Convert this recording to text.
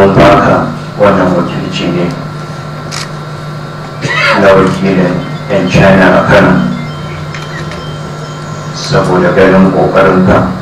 wanda haka wannan wakilci ne na wakilin 'yan china a kano saboda ganin ƙoƙarinka